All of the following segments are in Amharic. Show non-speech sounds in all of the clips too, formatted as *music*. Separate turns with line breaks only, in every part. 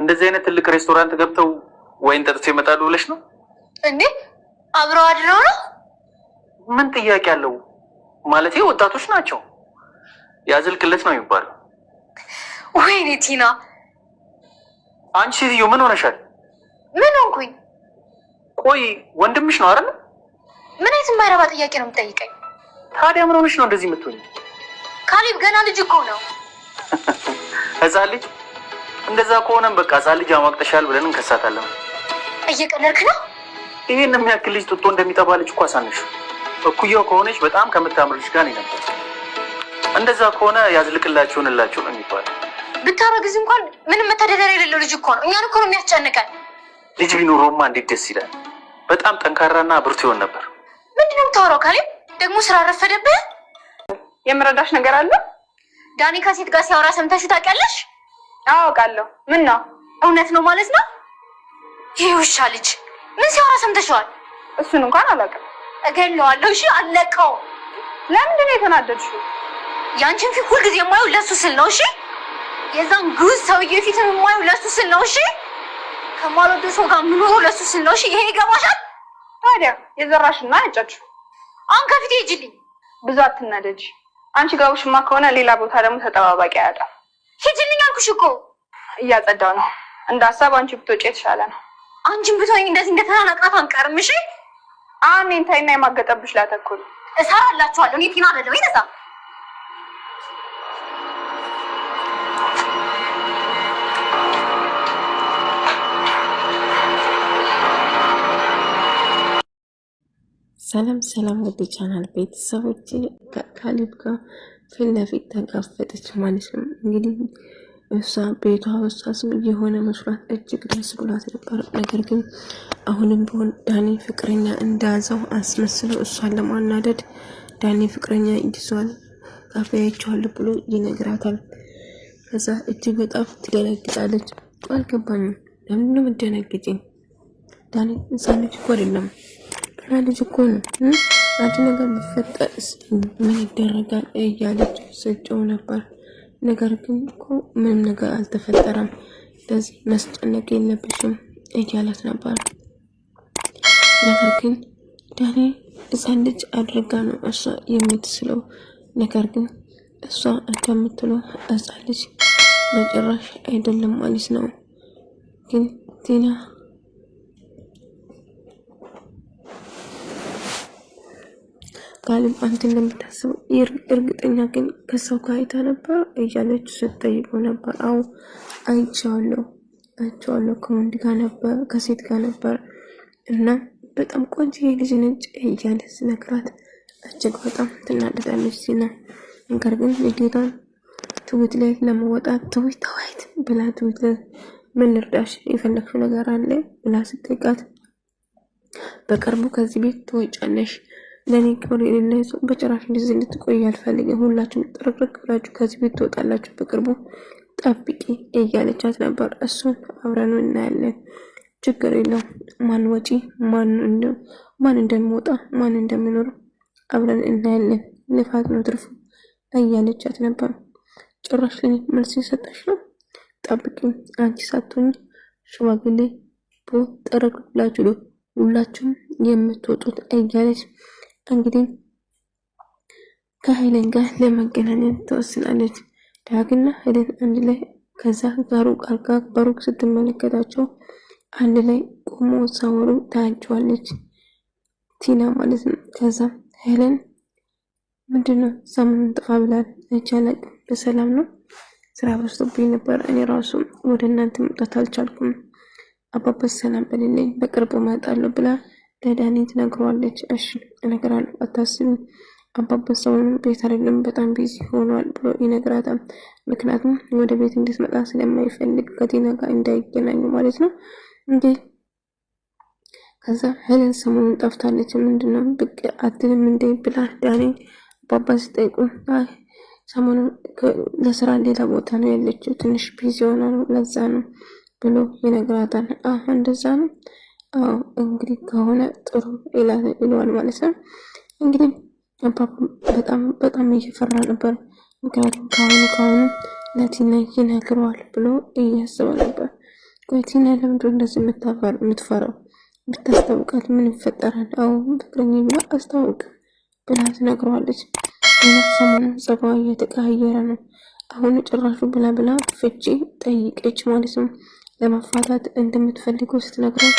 እንደዚህ አይነት ትልቅ ሬስቶራንት ገብተው ወይን ጠጥቶ ይመጣሉ ብለሽ ነው
እንዴ? አብረው አድረው ነው።
ምን ጥያቄ አለው? ማለት ወጣቶች ናቸው። ያዝልቅለት ነው የሚባለው።
ወይኔ ቲና፣
አንቺ ሴትዮ ምን ሆነሻል? ምን ሆንኩኝ? ቆይ ወንድምሽ ነው አይደል?
ምን አይነት የማይረባ ጥያቄ ነው የምጠይቀኝ?
ታዲያ ምን ሆነሽ ነው እንደዚህ የምትሆኝ?
ካሌብ ገና ልጅ እኮ ነው፣ *laughs*
ህፃን ልጅ እንደዛ ከሆነም በቃ ህፃን ልጅ አሟቅተሻል ብለን እንከሳታለን።
እየቀለድክ ነው።
ይህን የሚያክል ልጅ ጡጦ እንደሚጠባ ልጅ እኳ ሳንሽ እኩያው ከሆነች በጣም ከምታምር ልጅ ጋር ነበር። እንደዛ ከሆነ ያዝልቅላችሁን እላችሁ ነው የሚባል።
ብታረግዝ እንኳን ምንም መተዳደሪያ የሌለው ልጅ እኮ ነው። እኛን እኮ ነው የሚያስጨንቀን።
ልጅ ቢኖረውማ እንዴት ደስ ይላል። በጣም ጠንካራና ብርቱ ይሆን ነበር።
ምንድን ነው የምታወራው? ካሌም ደግሞ ስራ አረፈደብህ።
የምረዳሽ ነገር አለ
ዳኒ ከሴት ጋር ሲያወራ ሰምተሽ ታውቂያለሽ?
አውቃለሁ። ምን ነው
እውነት ነው ማለት ነው? ይህ ውሻ ልጅ ምን ሲያወራ ሰምተሽዋል?
እሱን እንኳን አላውቅም።
እገለዋለሁ። እሺ አለቀው።
ለምንድን ነው የተናደድሽው?
ያንቺን ፊት ሁልጊዜ የማየው ለሱ ስል ነው። እሺ የዛን ግዙ ሰውዬ ፊት የማየው ለሱ ስል ነው። እሺ ከማልወደው ሰው ጋር የምኖረው ለሱ ስል ነው። እሺ ይሄ ይገባሻል?
ታዲያ የዘራሽና ያጫችሁ
አሁን ከፊት ሂጂልኝ።
ብዙ አትናደጂ። አንቺ ጋር ውሽማ ከሆነ ሌላ ቦታ ደግሞ ተጠባባቂ አያጣም።
ሂጂልኝ አልኩሽ እኮ።
እያጸዳው ነው። እንደ ሀሳብ አንቺ ብትወጪ የተሻለ ነው።
አንቺም ብትሆኝ እንደዚህ እንደተናናቅናት አንቀርም። እሺ
አሁን እኔን የማገጠብሽ ላተኩል
እሰራላችኋለሁ። እኔ ጤና አይደለም ይነሳ
ሰላም ሰላም፣ ወደ ቻናል ቤተሰቦች ከካሊብ ጋር ፊት ለፊት ተጋፈጠች ማለት ነው። እንግዲህ እሷ ቤቷ በሷ ስም የሆነ መስሏት እጅግ ደስ ብሏት ነበር። ነገር ግን አሁንም ቢሆን ዳኒ ፍቅረኛ እንደያዘው አስመስለው እሷን ለማናደድ ዳኒ ፍቅረኛ ይዟል አፍያቸዋለሁ ብሎ ይነግራታል። ከዛ እጅግ በጣም ትደነግጣለች። አልገባኝም። ለምንድን ነው የምትደነግጪ? ዳኒ ህፃን ልጅ እኮ አይደለም፣ ያ ልጅ እኮ ነው። አንድ ነገር ቢፈጠርስ ምን ይደረጋል እያለች ስጨው ነበር። ነገር ግን እኮ ምንም ነገር አልተፈጠረም፣ ለዚህ መስጨነቅ የለብሽም እያላት ነበር። ነገር ግን ዳኔ ሕፃን ልጅ አድርጋ ነው እሷ የምትስለው። ነገር ግን እሷ እንደምትለው እዛ ልጅ በጭራሽ አይደለም ማለት ነው። ግን ቲና ቃልም አንተ እንደምታስበው እርግጠኛ ግን ከሰው ጋር አይታ ነበር እያለች ስትጠይቁ ነበር። አዎ አይቼዋለሁ አይቼዋለሁ። ከወንድ ጋር ነበር ከሴት ጋር ነበር እና በጣም ቆንጆ የልጅ ነጭ እያለ ስነግራት እጅግ በጣም ትናደዳለች ሲና፣ ነገር ግን የጌታን ትዊት ላይ ለመወጣት ትዊት ተዋይት ብላ ትዊት ላይ ምን ልርዳሽ የፈለግሽው ነገር አለ ብላ ስጠይቃት በቅርቡ ከዚህ ቤት ትወጫለሽ ለእኔ ክብር የሌለ ሰው በጭራሽ እንደዚህ እንድትቆይ አልፈልግም። ሁላችሁም ጥርቅርቅ ብላችሁ ከዚህ ቤት ትወጣላችሁ፣ በቅርቡ ጠብቂ እያለቻት ነበር። እሱን አብረን እናያለን፣ ችግር የለው ማን ወጪ ማን እንደሚወጣ ማን እንደሚኖር አብረን እናያለን። ልፋት ነው ትርፉ እያለቻት ነበር። ጭራሽ ለኔ መልስ የሰጠሽ ነው። ጠብቂ፣ አንቺ ሳትሆኝ ሽማግሌ ጥርቅርቅ ብላችሁ ሁላችሁም የምትወጡት እያለች እንግዲህ ከሄለን ጋር ለመገናኘት ትወስናለች። ዳግና ሄለን አንድ ላይ ከዛ ጋሩ አርጋ በሩቅ ስትመለከታቸው አንድ ላይ ቆሞ ሳወሩ ታያቸዋለች። ቲና ማለት ነው። ከዛ ሄለን ምንድነው ሰሞኑን ጥፋ ብላል ይቻላል በሰላም ነው ስራ በዝቶብኝ ነበር። እኔ ራሱ ወደ እናንተ መምጣት አልቻልኩም። አባበት ሰላም በሌለኝ በቅርቡ እመጣለሁ ብላ ለዳኒ ትነግረዋለች። እሺ እነግራለሁ፣ አታስቢ አባባ ሰሞኑን ቤት አይደለም በጣም ቢዚ ሆኗል ብሎ ይነግራታል። ምክንያቱም ወደ ቤት እንድትመጣ ስለማይፈልግ ከቴና ጋር እንዳይገናኙ ማለት ነው እንዴ። ከዛ ሄለን ሰሞኑን ጠፍታለች፣ ምንድነው ብቅ አትልም እንዴ ብላ ዳኒ አባባ ሲጠይቁ አይ ሰሞኑን ለስራ ሌላ ቦታ ነው ያለችው፣ ትንሽ ቢዚ ሆና ነው ለዛ ነው ብሎ ይነግራታል። አህ እንደዛ ነው አዎ እንግዲህ ከሆነ ጥሩ ይለዋል ማለት ነው። እንግዲህ በጣም በጣም እየፈራ ነበር። ምክንያቱም ከአሁኑ ከአሁኑ ለቲና ይነግረዋል ብሎ እያስበ ነበር። ቲና ለምንድን እንደዚህ የምትፈራው? ብታስታውቃት ምን ይፈጠራል? አዎ ፍቅረኝ ብላ አስታውቅ ብላ ትነግረዋለች። እና ሰሞኑን ጸባዋ እየተቀያየረ ነው። አሁን ጭራሹ ብላ ብላ ፍቺ ጠይቀች ማለት ነው። ለማፋታት እንደምትፈልገው ስትነግረው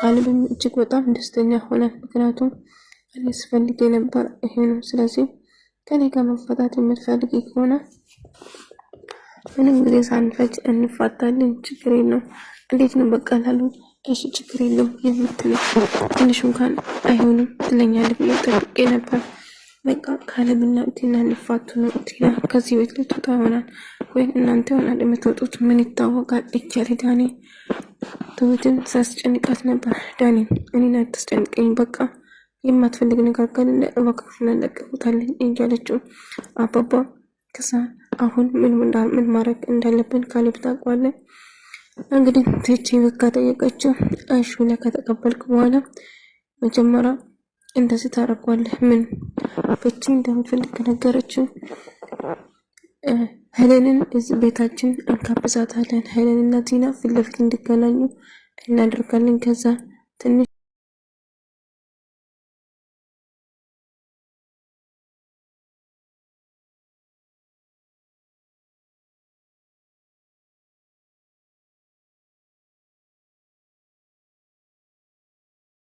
ቃልብም እጅግ በጣም ደስተኛ ሆነ። ምክንያቱም እኔ ስፈልግ የነበር ይሄ ነው። ስለዚህ ከኔ ጋር መፈታት የምትፈልግ ከሆነ ምንም ጊዜ ሳንፈጅ እንፋታለን። ችግር የለም። እንዴት ነው በቀላሉ? እሺ ችግር የለም የምትል ትንሽ እንኳን አይሆንም ትለኛለህ ብዬ ጠብቄ ነበር። በቃ ካለምና ቴና እንፋቱ ነው። ቴና ከዚህ ቤት ልትወጣ ይሆናል ወይም እናንተ ይሆናል የምትወጡት። ምን ይታወቃል? እጀሬ ዳኔ ትምህርትን ሳስጨንቃት ነበር። ዳኒን እኔን አታስጨንቀኝ፣ በቃ የማትፈልግ ነገር ካለ እባክሽን እናለቅበታለን እንጂ አባባ ክሳ አሁን ምን ማድረግ እንዳለብን ካሌብ ታውቀዋለህ። እንግዲህ ትች በካ ጠየቀችው። አይሹ ላይ ከተቀበልክ በኋላ መጀመሪያ እንደዚህ ታደርጓለህ። ምን ፍቺ እንደምትፈልግ ነገረችው። ሄለንን እዚህ ቤታችን እንጋብዛታለን። ሀይለንና ቲና ፊት ለፊት እንዲገናኙ እናደርጋለን። ከዛ ትንሽ